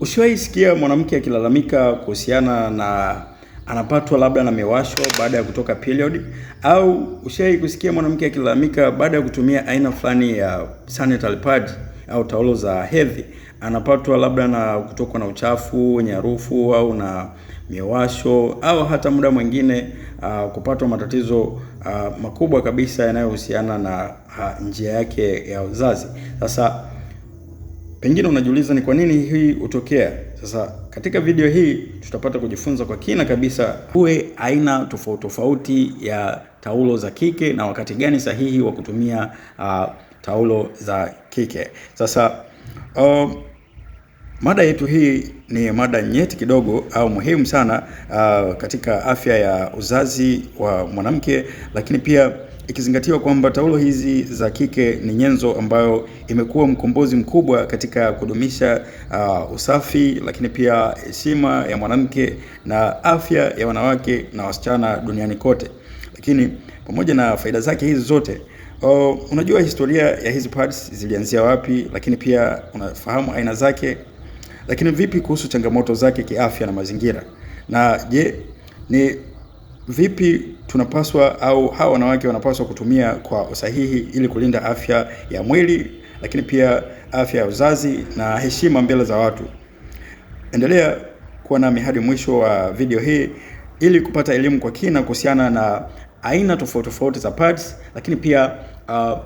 Ushawahi sikia mwanamke akilalamika kuhusiana na anapatwa labda na miwasho baada ya kutoka period au ushawahi kusikia mwanamke akilalamika baada ya kutumia aina fulani ya sanitary pad au taulo za hedhi anapatwa labda na kutokwa na uchafu wenye harufu au na miwasho au hata muda mwingine uh, kupatwa matatizo uh, makubwa kabisa yanayohusiana na uh, njia yake ya uzazi. Sasa Pengine unajiuliza ni kwa nini hii hutokea. Sasa katika video hii tutapata kujifunza kwa kina kabisa uwe aina tofauti tofauti ya taulo za kike na wakati gani sahihi wa kutumia uh, taulo za kike. Sasa uh, mada yetu hii ni mada nyeti kidogo au muhimu sana uh, katika afya ya uzazi wa mwanamke, lakini pia ikizingatiwa kwamba taulo hizi za kike ni nyenzo ambayo imekuwa mkombozi mkubwa katika kudumisha uh, usafi lakini pia heshima ya mwanamke na afya ya wanawake na wasichana duniani kote. Lakini pamoja na faida zake hizi zote uh, unajua historia ya hizi pads zilianzia wapi, lakini pia unafahamu aina zake, lakini vipi kuhusu changamoto zake kiafya na mazingira? Na je, ni vipi tunapaswa au hawa wanawake wanapaswa kutumia kwa usahihi ili kulinda afya ya mwili, lakini pia afya ya uzazi na heshima mbele za watu. Endelea kuwa nami hadi mwisho wa video hii ili kupata elimu kwa kina kuhusiana na aina tofauti tofauti za pads, lakini pia uh,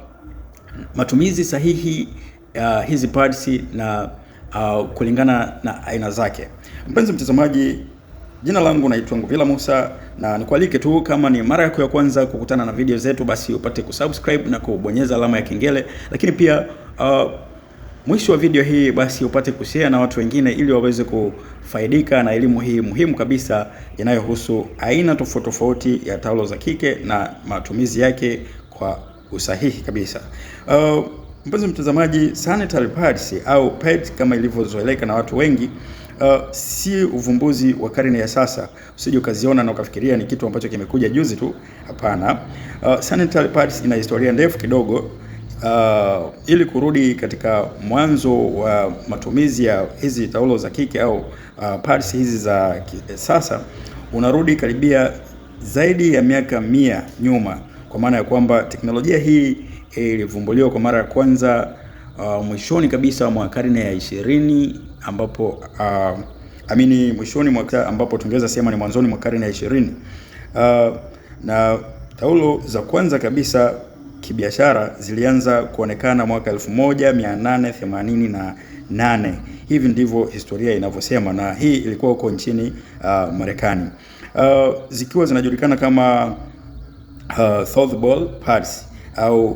matumizi sahihi ya uh, hizi pads na uh, kulingana na aina zake. Mpenzi mtazamaji, Jina langu naitwa Nguvila Musa na nikualike tu, kama ni mara yako ya kwanza kukutana na video zetu, basi upate kusubscribe na kubonyeza alama ya kengele, lakini pia uh, mwisho wa video hii basi upate kushare na watu wengine ili waweze kufaidika na elimu hii muhimu kabisa inayohusu aina tofauti tofauti ya taulo za kike na matumizi yake kwa usahihi kabisa. Uh, mpenzi mtazamaji, sanitary pads au pads kama ilivyozoeleka na watu wengi Uh, si uvumbuzi wa karne ya sasa, usije ukaziona na ukafikiria ni kitu ambacho kimekuja juzi tu. Hapana. Uh, sanitary pads ina historia ndefu kidogo. Uh, ili kurudi katika mwanzo wa matumizi ya hizi taulo za kike au uh, pads hizi za sasa, unarudi karibia zaidi ya miaka mia nyuma, kwa maana ya kwamba teknolojia hii ilivumbuliwa kwa mara ya kwanza uh, mwishoni kabisa mwa karne ya ishirini ambapo uh, amini mwishoni mwa ambapo tungeweza sema ni mwanzoni mwa karne ya ishirini. Uh, na taulo za kwanza kabisa kibiashara zilianza kuonekana mwaka 1888. Hivi ndivyo historia inavyosema, na hii ilikuwa huko nchini uh, Marekani uh, zikiwa zinajulikana kama uh, Southall pads au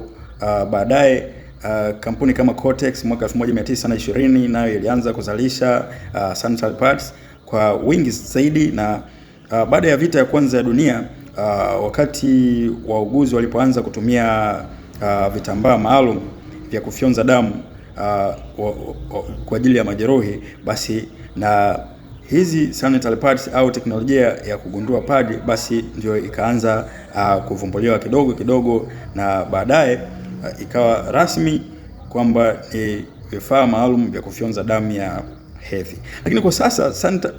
uh, baadaye Uh, kampuni kama Cortex mwaka 1920 nayo ilianza kuzalisha uh, sanitary pads kwa wingi zaidi na uh, baada ya vita ya kwanza ya dunia uh, wakati wauguzi walipoanza kutumia uh, vitambaa maalum vya kufyonza damu uh, kwa ajili ya majeruhi, basi na hizi sanitary pads au teknolojia ya kugundua padi basi ndio ikaanza uh, kuvumbuliwa kidogo kidogo na baadaye Ah, ikawa rasmi kwamba ni vifaa maalum vya kufyonza damu ya hedhi. Lakini kwa sasa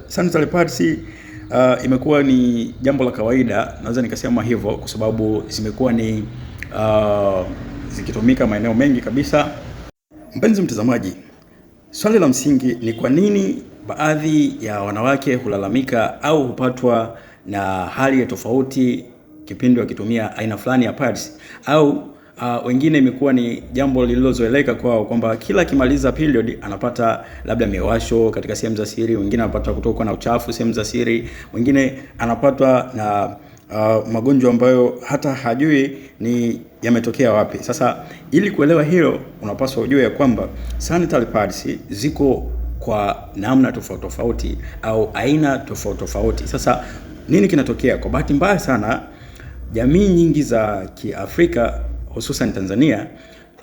sanitary pads uh, ah, imekuwa ni jambo la kawaida, naweza nikasema hivyo kwa sababu zimekuwa ni uh, zikitumika maeneo mengi kabisa. Mpenzi mtazamaji, swali la msingi ni kwa nini baadhi ya wanawake hulalamika au hupatwa na hali ya tofauti kipindi wakitumia aina fulani ya pads au uh, wengine imekuwa ni jambo lililozoeleka kwao kwamba kila akimaliza period anapata labda miwasho katika sehemu za siri, wengine anapata kutokwa na uchafu sehemu za siri, wengine anapatwa na Uh, magonjwa ambayo hata hajui ni yametokea wapi. Sasa ili kuelewa hilo, unapaswa ujue ya kwamba sanitary pads ziko kwa namna tofauti tofauti au aina tofauti tofauti. Sasa nini kinatokea? Kwa bahati mbaya sana, jamii nyingi za Kiafrika hususan Tanzania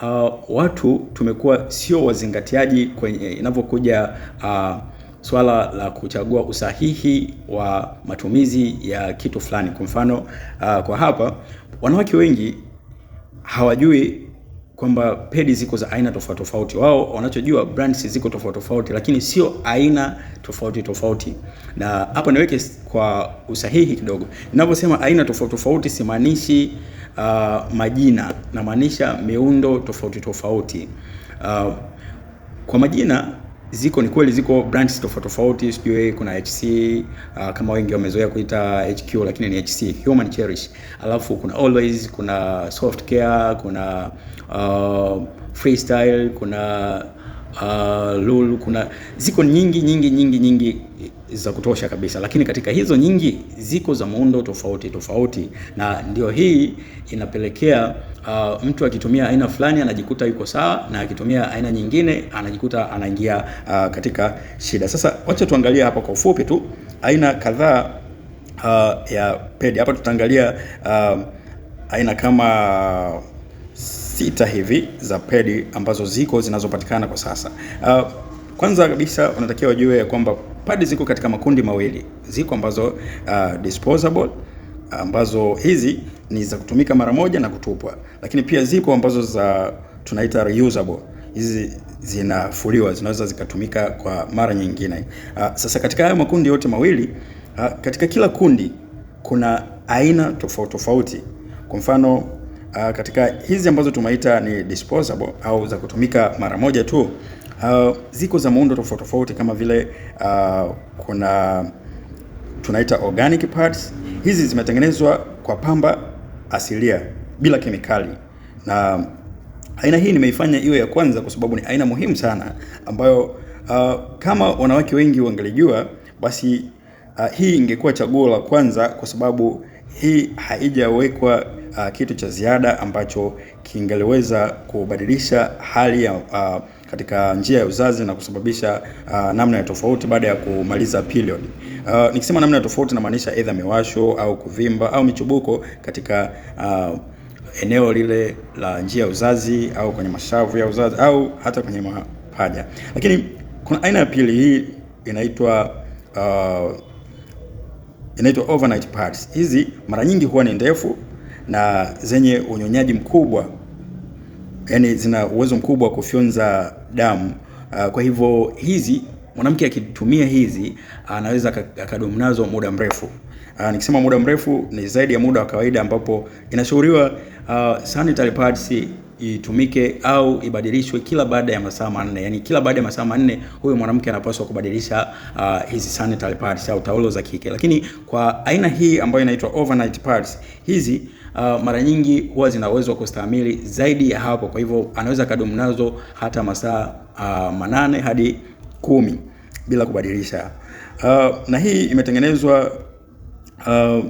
uh, watu tumekuwa sio wazingatiaji kwenye inavyokuja uh, swala la kuchagua usahihi wa matumizi ya kitu fulani. Kwa mfano uh, kwa hapa wanawake wengi hawajui kwamba pedi ziko za aina tofauti tofauti. Wao wanachojua brands ziko tofauti tofauti, lakini sio aina tofauti tofauti. Na hapa niweke kwa usahihi kidogo, ninaposema aina tofauti tofauti simaanishi uh, majina, namaanisha miundo tofauti tofauti. Uh, kwa majina ziko ni kweli, ziko branch tofauti tofauti, sijui kuna HC uh, ah, kama wengi wamezoea kuita HQ, lakini ni HC Human Cherish, alafu kuna Always, kuna Soft Care, kuna uh, Freestyle, kuna uh, Lulu, kuna ziko nyingi nyingi nyingi nyingi za kutosha kabisa, lakini katika hizo nyingi ziko za muundo tofauti tofauti, na ndio hii inapelekea uh, mtu akitumia aina fulani anajikuta yuko sawa, na akitumia aina nyingine anajikuta anaingia uh, katika shida. Sasa wacha tuangalie hapa kwa ufupi tu aina kadhaa uh, ya pedi. Hapa tutaangalia uh, aina kama sita hivi za pedi ambazo ziko zinazopatikana kwa sasa uh, kwanza kabisa unatakiwa wajue ya kwamba padi ziko katika makundi mawili. Ziko ambazo uh, disposable ambazo hizi ni za kutumika mara moja na kutupwa, lakini pia ziko ambazo za tunaita reusable. Hizi zinafuliwa, zinaweza zikatumika kwa mara nyingine. Uh, sasa katika haya makundi yote mawili uh, katika kila kundi kuna aina tofauti tofauti. Kwa mfano uh, katika hizi ambazo tumeita ni disposable au za kutumika mara moja tu Uh, ziko za muundo tofauti tofauti kama vile uh, kuna tunaita organic pads. Hizi zimetengenezwa kwa pamba asilia bila kemikali, na aina hii nimeifanya iwe ya kwanza kwa sababu ni aina muhimu sana ambayo uh, kama wanawake wengi wangelijua basi uh, hii ingekuwa chaguo la kwanza kwa sababu hii haijawekwa uh, kitu cha ziada ambacho kingeliweza kubadilisha hali ya uh, katika njia ya uzazi na kusababisha uh, namna ya tofauti baada ya kumaliza period. Uh, nikisema namna ya tofauti namaanisha either miwasho au kuvimba au michubuko katika uh, eneo lile la njia ya uzazi au kwenye mashavu ya uzazi au hata kwenye mapaja. Lakini kuna aina ya pili, hii inaitwa uh, inaitwa overnight pads. Hizi mara nyingi huwa ni ndefu na zenye unyonyaji mkubwa, yani zina uwezo mkubwa wa kufyonza damu. Ah, kwa hivyo hizi mwanamke akitumia hizi anaweza akadumu nazo muda mrefu. Ah, nikisema muda mrefu ni zaidi ya muda wa kawaida ambapo inashauriwa uh, sanitary pads itumike au ibadilishwe kila baada ya masaa manne. Yani kila baada ya masaa manne huyo mwanamke anapaswa kubadilisha uh, hizi sanitary pads au taulo za kike. Lakini kwa aina hii ambayo inaitwa overnight pads hizi uh, mara nyingi huwa zina uwezo wa kustahimili zaidi ya hapo. Kwa hivyo anaweza kadumu nazo hata masaa uh, manane hadi kumi bila kubadilisha uh, na hii imetengenezwa uh,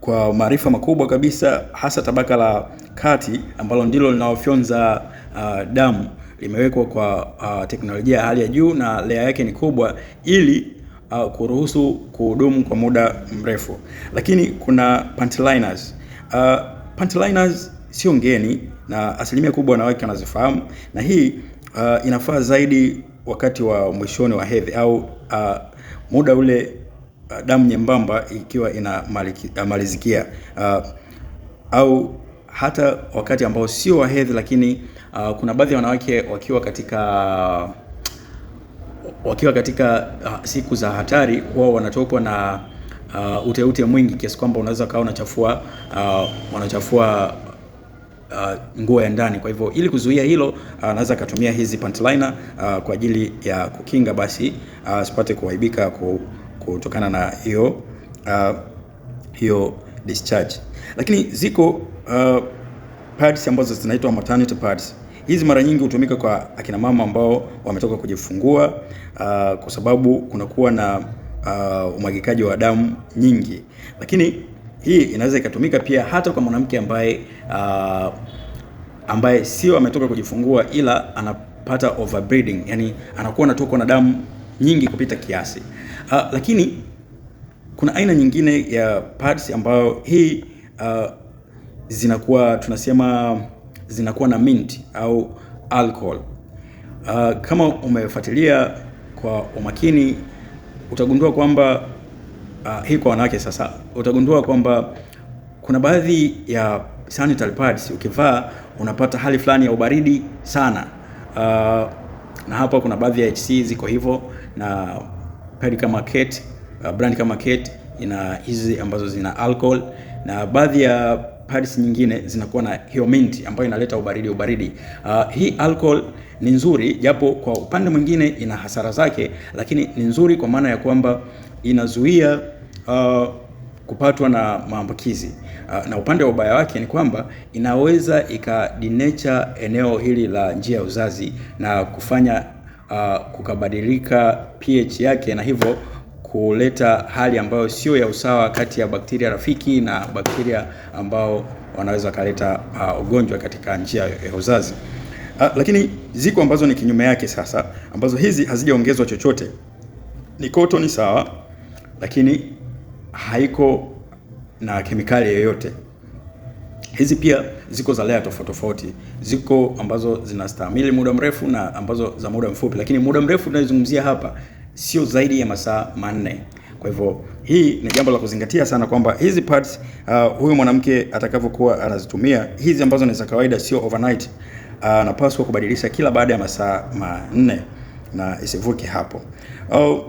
kwa maarifa makubwa kabisa, hasa tabaka la kati ambalo ndilo linaofyonza uh, damu limewekwa kwa uh, teknolojia ya hali ya juu na lea yake ni kubwa ili uh, kuruhusu kuhudumu kwa muda mrefu, lakini kuna pantliners, Uh, pantliners sio ngeni na asilimia kubwa wanawake wanazifahamu, na hii uh, inafaa zaidi wakati wa mwishoni wa hedhi au uh, muda ule uh, damu nyembamba ikiwa inamalizikia uh, uh, au hata wakati ambao sio wa hedhi, lakini uh, kuna baadhi ya wanawake wakiwa katika wakiwa katika uh, siku za hatari, wao wanatokwa na uh, uteute mwingi kiasi kwamba unaweza kawa unachafua uh, unachafua Uh, nguo ya ndani. Kwa hivyo ili kuzuia hilo anaweza uh, akatumia hizi pant liner uh, kwa ajili ya kukinga basi asipate uh, kuaibika kutokana na hiyo uh, hiyo discharge. Lakini ziko uh, pads ambazo zinaitwa maternity pads. Hizi mara nyingi hutumika kwa akina mama ambao wametoka kujifungua uh, kwa sababu kunakuwa na uh, umwagikaji wa damu nyingi, lakini hii inaweza ikatumika pia hata kwa mwanamke ambaye uh, ambaye sio ametoka kujifungua ila anapata overbreeding, yani anakuwa anatokwa na damu nyingi kupita kiasi. Uh, lakini kuna aina nyingine ya pads ambayo hii uh, zinakuwa tunasema zinakuwa na mint au alcohol. Uh, kama umefuatilia kwa umakini utagundua kwamba uh, hii kwa wanawake sasa, utagundua kwamba kuna baadhi ya sanitary pads ukivaa unapata hali fulani ya ubaridi sana. Uh, na hapa kuna baadhi ya HC ziko hivyo na pedi kama Kate, uh, brand kama Kate ina hizi ambazo zina alcohol na baadhi ya pads nyingine zinakuwa na hiyo mint ambayo inaleta ubaridi ubaridi. Uh, hii alcohol ni nzuri, japo kwa upande mwingine ina hasara zake, lakini ni nzuri kwa maana ya kwamba inazuia uh, kupatwa na maambukizi uh, na upande wa ubaya wake ni kwamba inaweza ikadinecha eneo hili la njia ya uzazi na kufanya uh, kukabadilika pH yake na hivyo kuleta hali ambayo sio ya usawa kati ya bakteria rafiki na bakteria ambao wanaweza wakaleta uh, ugonjwa katika njia ya uzazi. Ah, lakini ziko ambazo ni kinyume yake sasa, ambazo hizi hazijaongezwa chochote. Ni cotton sawa, lakini haiko na kemikali yoyote. Hizi pia ziko za layer tofauti tofauti, ziko ambazo zinastahimili muda mrefu na ambazo za muda mfupi, lakini muda mrefu tunayozungumzia hapa sio zaidi ya masaa manne. Kwa hivyo hii ni jambo la kuzingatia sana kwamba hizi pads uh, ah, huyu mwanamke atakavyokuwa anazitumia hizi ambazo ni za kawaida, sio overnight anapaswa ah, kubadilisha kila baada ya masaa manne na isivuke hapo. Oh,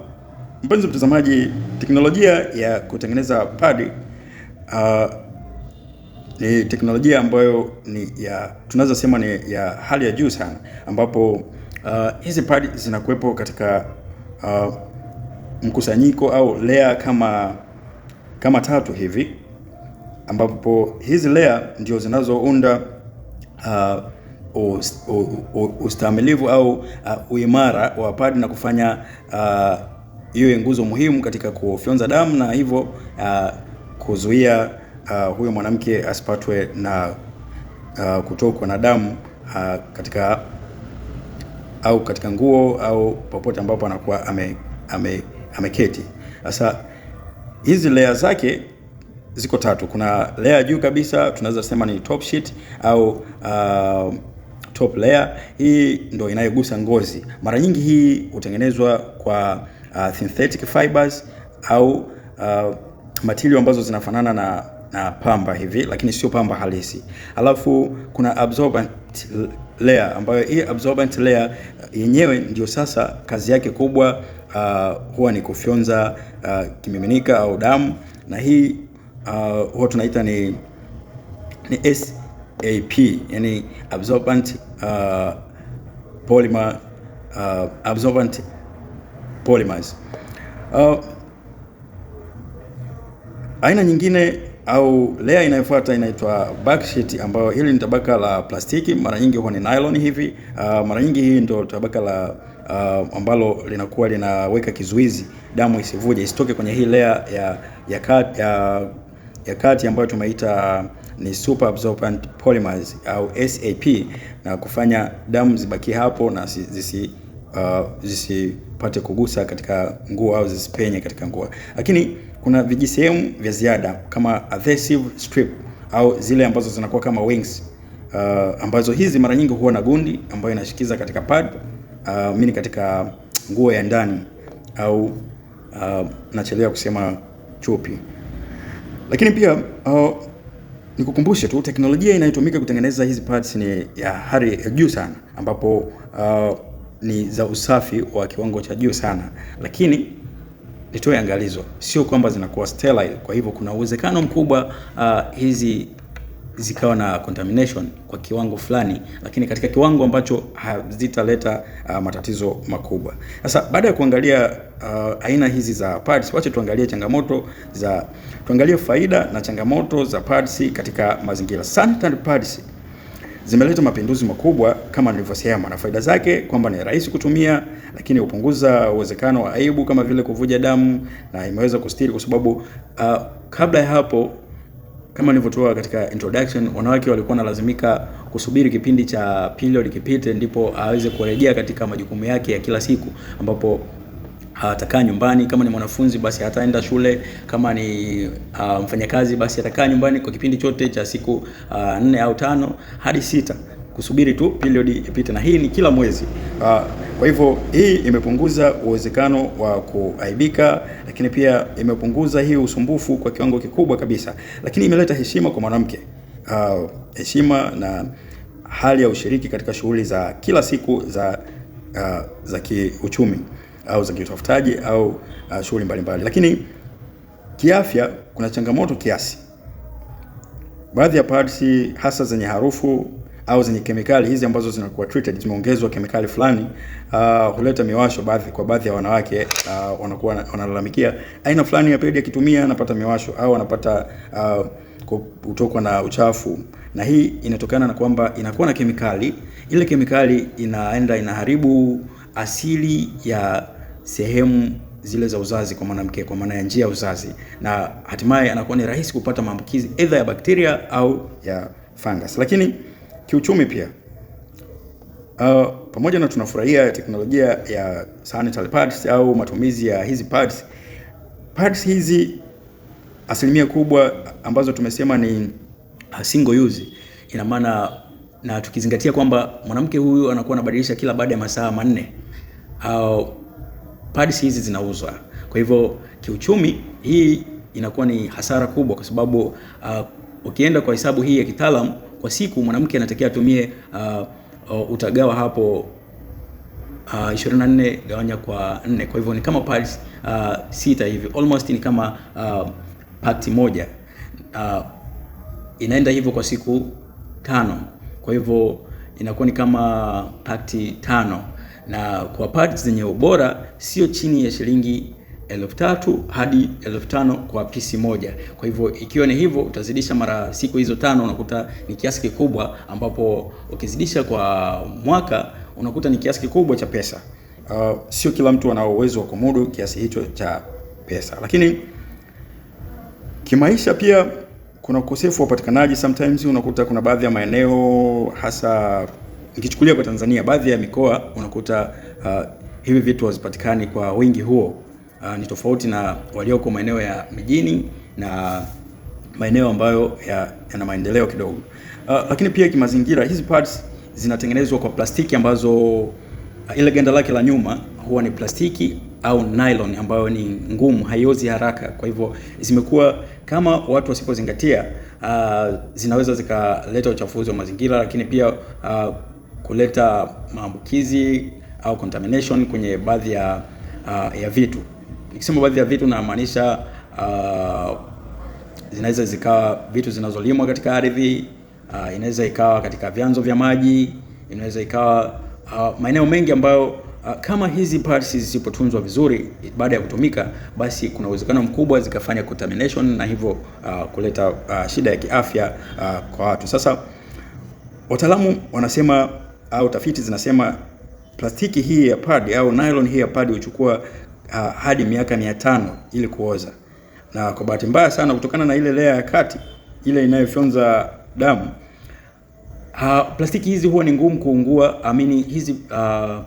mpenzi mtazamaji, teknolojia ya kutengeneza padi uh, ni teknolojia ambayo ni ya tunaweza sema ni ya hali ya juu sana, ambapo ah, hizi pad padi zinakuwepo katika uh, mkusanyiko au layer kama kama tatu hivi, ambapo hizi layer ndio zinazounda uh, ustamilivu au uh, uimara wa padi na kufanya hiyo uh, nguzo muhimu katika kufyonza damu na hivyo uh, kuzuia uh, huyo mwanamke asipatwe na uh, kutokwa na damu uh, katika au katika nguo au popote ambapo anakuwa ame, ame, ameketi. Sasa hizi layer zake ziko tatu. Kuna layer juu kabisa tunaweza sema ni top sheet au uh, top layer. Hii ndo inayogusa ngozi. Mara nyingi hii hutengenezwa kwa uh, synthetic fibers au uh, material ambazo zinafanana na, na pamba hivi, lakini sio pamba halisi. Alafu kuna absorbent layer ambayo hii absorbent layer uh, yenyewe ndio sasa kazi yake kubwa uh, huwa ni kufyonza uh, kimiminika au damu na hii uh, huwa tunaita ni ni S AP, yani absorbent uh, polymer, uh, absorbent polymers. Uh, aina nyingine au layer inayofuata inaitwa backsheet, ambayo hili ni tabaka la plastiki, mara nyingi huwa ni nylon hivi. Uh, mara nyingi hii ndio tabaka la uh, ambalo linakuwa linaweka kizuizi damu isivuje isitoke kwenye hii layer ya ya kati, ya, ya kati ambayo tumeita ni super absorbent polymers au SAP na kufanya damu zibaki hapo na zisi uh, zisipate kugusa katika nguo au zisipenye katika nguo. Lakini kuna vijisehemu vya ziada kama adhesive strip au zile ambazo zinakuwa kama wings uh, ambazo hizi mara nyingi huwa na gundi ambayo inashikiza katika pad uh, mini katika nguo ya ndani au uh, nachelewa kusema chupi. Lakini pia uh, Nikukumbushe tu teknolojia inayotumika kutengeneza hizi pads ni ya hali ya juu sana, ambapo uh, ni za usafi wa kiwango cha juu sana, lakini nitoe angalizo, sio kwamba zinakuwa sterile. Kwa hivyo kuna uwezekano mkubwa uh, hizi zikawa na contamination kwa kiwango fulani, lakini katika kiwango ambacho hazitaleta uh, matatizo makubwa. Sasa baada ya kuangalia uh, aina hizi za pads, wacha tuangalie changamoto za tuangalie faida na changamoto za pads katika mazingira. Sanitary pads zimeleta mapinduzi makubwa kama nilivyosema, na faida zake kwamba ni rahisi kutumia, lakini hupunguza uwezekano wa aibu kama vile kuvuja damu, na imeweza kustiri kwa sababu uh, kabla ya hapo kama nilivyotoa katika introduction, wanawake walikuwa wanalazimika kusubiri kipindi cha period kipite, ndipo aweze kurejea katika majukumu yake ya kila siku ambapo atakaa nyumbani. Kama ni mwanafunzi basi ataenda shule, kama ni uh, mfanyakazi basi atakaa nyumbani kwa kipindi chote cha siku uh, nne au tano hadi sita kusubiri tu period ipite, na hii ni kila mwezi. Uh, kwa hivyo hii imepunguza uwezekano wa kuaibika, lakini pia imepunguza hii usumbufu kwa kiwango kikubwa kabisa, lakini imeleta heshima kwa mwanamke uh, heshima na hali ya ushiriki katika shughuli za kila siku za uh, za kiuchumi au za kiutafutaji au uh, shughuli mbalimbali. Lakini kiafya kuna changamoto kiasi, baadhi ya parts hasa zenye harufu au zenye kemikali hizi ambazo zinakuwa treated zimeongezwa kemikali fulani uh, huleta miwasho baadhi kwa baadhi ya wanawake uh, wanakuwa wanalalamikia aina fulani ya period akitumia anapata miwasho au anapata uh, kutokwa na uchafu, na hii inatokana na kwamba inakuwa na kemikali. Ile kemikali inaenda inaharibu asili ya sehemu zile za uzazi kwa mwanamke, kwa maana ya njia ya uzazi, na hatimaye anakuwa ni rahisi kupata maambukizi either ya bakteria au ya fungus, lakini Kiuchumi pia uh, pamoja na tunafurahia teknolojia ya sanitary pads au matumizi ya hizi pads, pads hizi asilimia kubwa ambazo tumesema ni uh, single use, ina maana na tukizingatia kwamba mwanamke huyu anakuwa anabadilisha kila baada ya masaa manne au uh, pads hizi zinauzwa. Kwa hivyo kiuchumi, hii inakuwa ni hasara kubwa, kwa sababu uh, ukienda kwa hesabu hii ya kitaalam kwa siku mwanamke anatakiwa atumie uh, uh, utagawa hapo uh, 24 gawanya kwa 4, kwa hivyo ni kama parts uh, sita hivi almost ni kama uh, pakti moja uh, inaenda hivyo kwa siku tano, kwa hivyo inakuwa ni kama pakti tano, na kwa parts zenye ubora sio chini ya shilingi elfu tatu hadi elfu tano kwa pisi moja. Kwa hivyo ikiwa ni hivyo, utazidisha mara siku hizo tano, unakuta ni kiasi kikubwa, ambapo ukizidisha kwa mwaka unakuta ni kiasi kikubwa cha pesa. Uh, sio kila mtu ana uwezo wa kumudu kiasi hicho cha pesa, lakini kimaisha pia kuna ukosefu wa upatikanaji. Sometimes unakuta kuna baadhi ya maeneo hasa nikichukulia kwa Tanzania, baadhi ya mikoa unakuta uh, hivi vitu hazipatikani kwa wingi huo uh, ni tofauti na walioko maeneo ya mijini na maeneo ambayo yana ya maendeleo kidogo. Uh, lakini pia kimazingira, hizi pads zinatengenezwa kwa plastiki ambazo uh, ile ganda lake la nyuma huwa ni plastiki au nylon ambayo ni ngumu, haiozi haraka. Kwa hivyo zimekuwa kama watu wasipozingatia, uh, zinaweza zikaleta uchafuzi wa mazingira, lakini pia uh, kuleta maambukizi au contamination kwenye baadhi ya, uh, ya vitu. Nikisema baadhi ya vitu namaanisha uh, zinaweza zikawa vitu zinazolimwa katika ardhi uh, inaweza ikawa katika vyanzo vya maji, inaweza ikawa uh, maeneo mengi ambayo uh, kama hizi parts zisipotunzwa vizuri baada ya kutumika, basi kuna uwezekano mkubwa zikafanya contamination na hivyo uh, kuleta uh, shida ya kiafya uh, kwa watu. Sasa wataalamu wanasema au uh, tafiti zinasema plastiki hii ya pad au nylon hii ya pad huchukua uh, hadi miaka mia tano ili kuoza, na kwa bahati mbaya sana kutokana na ile lea ya kati ile inayofyonza damu uh, plastiki hizi huwa ni ngumu kuungua. Amini hizi uh,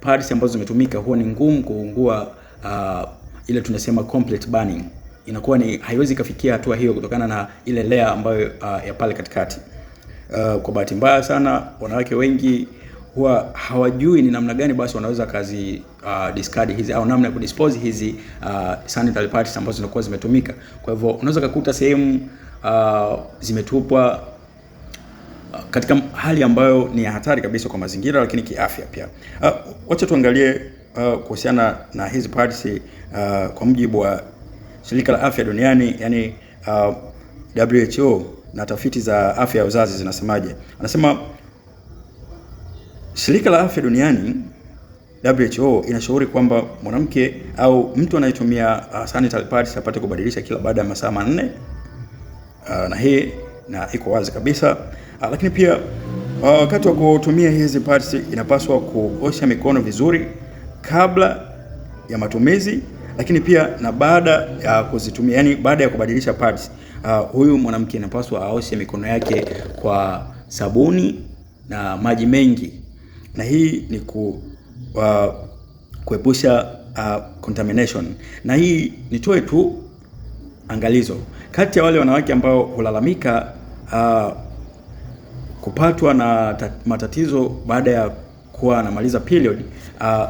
pads ambazo zimetumika huwa ni ngumu kuungua uh, ile tunasema complete burning inakuwa ni haiwezi ikafikia hatua hiyo kutokana na ile lea ambayo uh, ya pale katikati. Uh, kwa bahati mbaya sana wanawake wengi huwa hawajui ni namna gani basi wanaweza kazi uh, discard hizi au namna ya kudispose hizi uh, sanitary pads ambazo zinakuwa zimetumika. Kwa hivyo unaweza kukuta sehemu uh, zimetupwa uh, katika hali ambayo ni ya hatari kabisa kwa mazingira, lakini kiafya pia. Uh, wacha tuangalie uh, kuhusiana na hizi pads uh, kwa mujibu wa shirika la afya duniani yani uh, WHO na tafiti za afya ya uzazi zinasemaje? Anasema Shirika la Afya Duniani WHO inashauri kwamba mwanamke au mtu anayetumia uh, sanitary pads apate kubadilisha kila baada ya masaa manne uh, na hii na iko wazi kabisa uh, lakini pia uh, wakati uh, wa kutumia hizi pads inapaswa kuosha mikono vizuri kabla ya matumizi, lakini pia na baada ya kuzitumia, yani baada ya kubadilisha pads uh, huyu mwanamke inapaswa aoshe mikono yake kwa sabuni na maji mengi na hii ni ku, uh, kuepusha uh, contamination. Na hii nitoe tu angalizo kati ya wale wanawake ambao hulalamika uh, kupatwa na matatizo baada ya kuwa anamaliza period uh,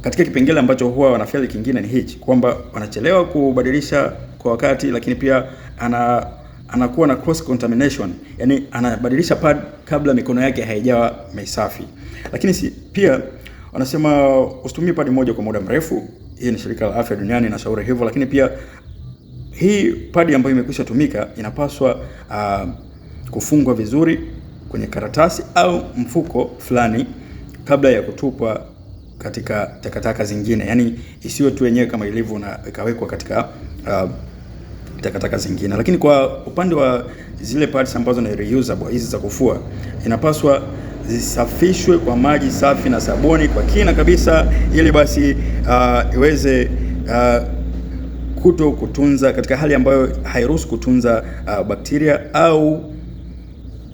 katika kipengele ambacho huwa wanafeli kingine ni hichi kwamba wanachelewa kubadilisha kwa wakati, lakini pia ana anakuwa na cross contamination, yani anabadilisha pad kabla mikono yake haijawa misafi. Lakini si, pia wanasema usitumie pad moja kwa muda mrefu. Hii ni shirika la afya duniani inashauri hivyo, lakini pia hii pad ambayo imekwisha tumika inapaswa uh, kufungwa vizuri kwenye karatasi au mfuko fulani kabla ya kutupwa katika takataka zingine, yani isiwe tu yenyewe kama ilivyo na ikawekwa katika uh, takataka zingine. Lakini kwa upande wa zile parts ambazo ni reusable, hizi za kufua, inapaswa zisafishwe kwa maji safi na sabuni kwa kina kabisa, ili basi uh, iweze uh, kuto kutunza katika hali ambayo hairuhusu kutunza uh, bakteria au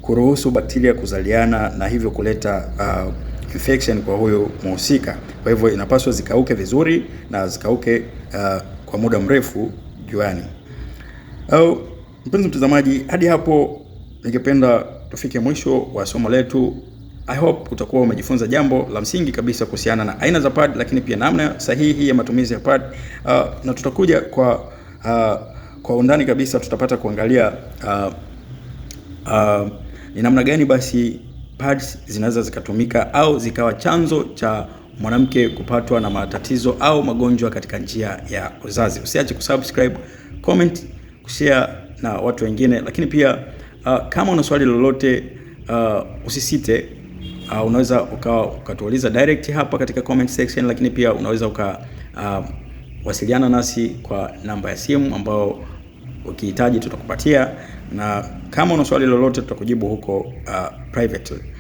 kuruhusu bakteria kuzaliana na hivyo kuleta uh, infection kwa huyo mhusika. Kwa hivyo inapaswa zikauke vizuri na zikauke uh, kwa muda mrefu juani. Au mpenzi mtazamaji, hadi hapo ningependa tufike mwisho wa somo letu. I hope utakuwa umejifunza jambo la msingi kabisa kuhusiana na aina za pad, lakini pia namna sahihi ya matumizi ya pad. Uh, na tutakuja kwa uh, kwa undani kabisa, tutapata kuangalia uh, uh, ni namna gani basi pads zinaweza zikatumika au zikawa chanzo cha mwanamke kupatwa na matatizo au magonjwa katika njia ya uzazi. Usiache kusubscribe, comment kushare na watu wengine, lakini pia uh, kama una swali lolote uh, usisite uh, unaweza ukawa ukatuuliza direct hapa katika comment section, lakini pia unaweza uka uh, wasiliana nasi kwa namba ya simu ambayo ukihitaji tutakupatia, na kama una swali lolote tutakujibu huko uh, privately.